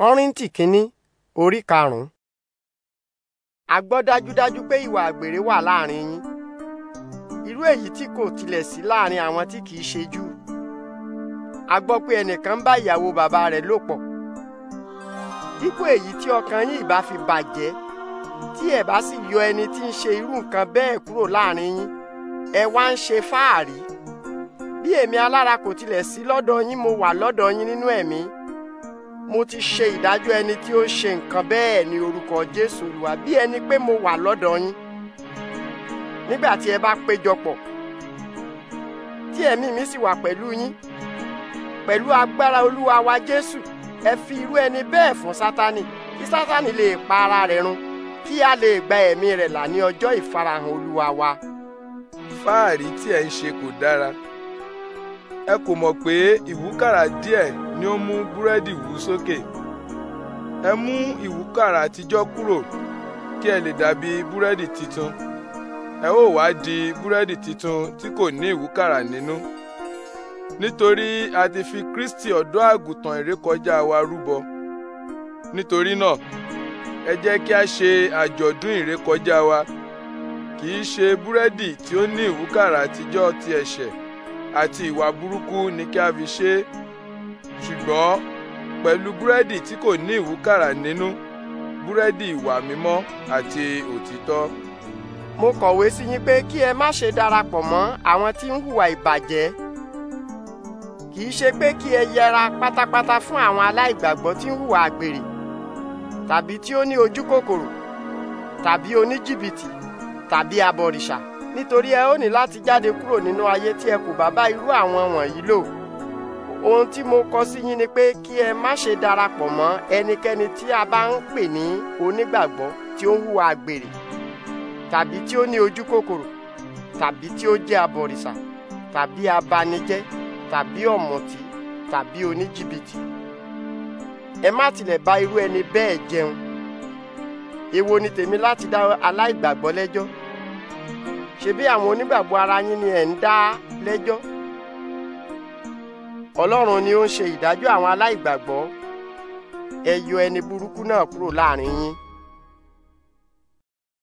kọ́ríntì kínní orí karùn-ún. a gbọ́ dájúdájú pé ìwà àgbèrè wà láàrin yín irú èyí tí kò tilẹ̀ sí láàrin àwọn tí kìí ṣe Júù a gbọ́ pé ẹnìkan ń bá ìyàwó bàbá rẹ̀ lò pọ̀ dípò èyí tí ọkàn yín ìbá fi bàjẹ́ tí ẹ̀ bá sì yọ ẹni tí ń ṣe irú nǹkan bẹ́ẹ̀ kúrò láàrin yín ẹ wá ń ṣe fáàrí bí èmi alára kò tilẹ̀ sí lọ́dọ̀ yín mo wà lọ́dọ̀ yín nínú ẹ̀mí. E mo ti ṣe ìdájọ́ ẹni tí ó ṣe nǹkan bẹ́ẹ̀ ní orúkọ Jésù Olúwa bí ẹni pé mo wà lọ́dọ̀ yín nígbà tí ẹ bá péjọpọ̀ tí ẹ̀mí mi sì wà pẹ̀lú yín pẹ̀lú agbára Olúwa wa Jésù ẹ fi irú ẹni bẹ́ẹ̀ fún Sátánì kí Sátánì lè pa ara rẹ̀ run kí a lè gba ẹ̀mí rẹ̀ là ní ọjọ́ ìfarahàn Olúwa wa. fáàrí tí ẹ ń ṣe kò dára ẹ kò mọ̀ pé ìwúkàrà díẹ̀ ni ó mú búrẹ́dì wú sókè ẹ mú ìwúkàrà àtijọ́ kúrò kí ẹ lè dàbí búrẹ́dì titun ẹ ó wá di búrẹ́dì titun tí kò ní ìwúkàrà nínú nítorí a ti fi Kristi ọ̀dọ́ àgùntàn ìrékọjá wa rúbọ nítorí náà ẹ jẹ́ kí a ṣe àjọ̀dún ìrékọjá wa kì í ṣe búrẹ́dì tí ó ní ìwúkàrà àtijọ́ ti ẹ̀ṣẹ̀. E àti ìwà burúkú ni kí a fi ṣe é ṣùgbọ́n pẹ̀lú búrẹ́dì tí kò ní ìwúkàrà nínú búrẹ́dì ìwà mímọ́ àti òtítọ́. mo kọ̀wé sí yín pé kí ẹ má ṣe darapọ̀ mọ́ àwọn tí ń hùwà ìbàjẹ́ kì í ṣe pé kí ẹ yẹra pátápátá fún àwọn aláìgbàgbọ́ tí ń hùwà àgbèrè tàbí tí ó ní ojú kòkòrò tàbí oníjìbìtì tàbí abọ̀rìṣà nítorí ẹ ó ní láti jáde kúrò nínú ayé tí ẹ kò bá bá irú àwọn wọ̀nyí lò ohun tí mo kọ sí yín ni pé kí ẹ má ṣe darapọ̀ mọ́ ẹnikẹ́ni tí a bá ń pè ní onígbàgbọ́ tí ó ń hùwà àgbèrè tàbí tí ó ní ojú kòkòrò tàbí tí ó jẹ́ abọ̀rìṣà tàbí abanijẹ́ tàbí ọ̀mùtí tàbí oníjìbìtì ẹ má tilẹ̀ bá irú ẹni bẹ́ẹ̀ jẹun èwo ni tèmi láti dá aláìgbàgbọ́ lẹ́jọ́ ṣebí àwọn onígbàgbọ́ ara yín ni ẹ̀ ń dá lẹ́jọ́ ọlọ́run ni ó ń ṣe ìdájọ́ àwọn aláìgbàgbọ́ ẹ yọ ẹni burúkú náà kúrò láàrin yín.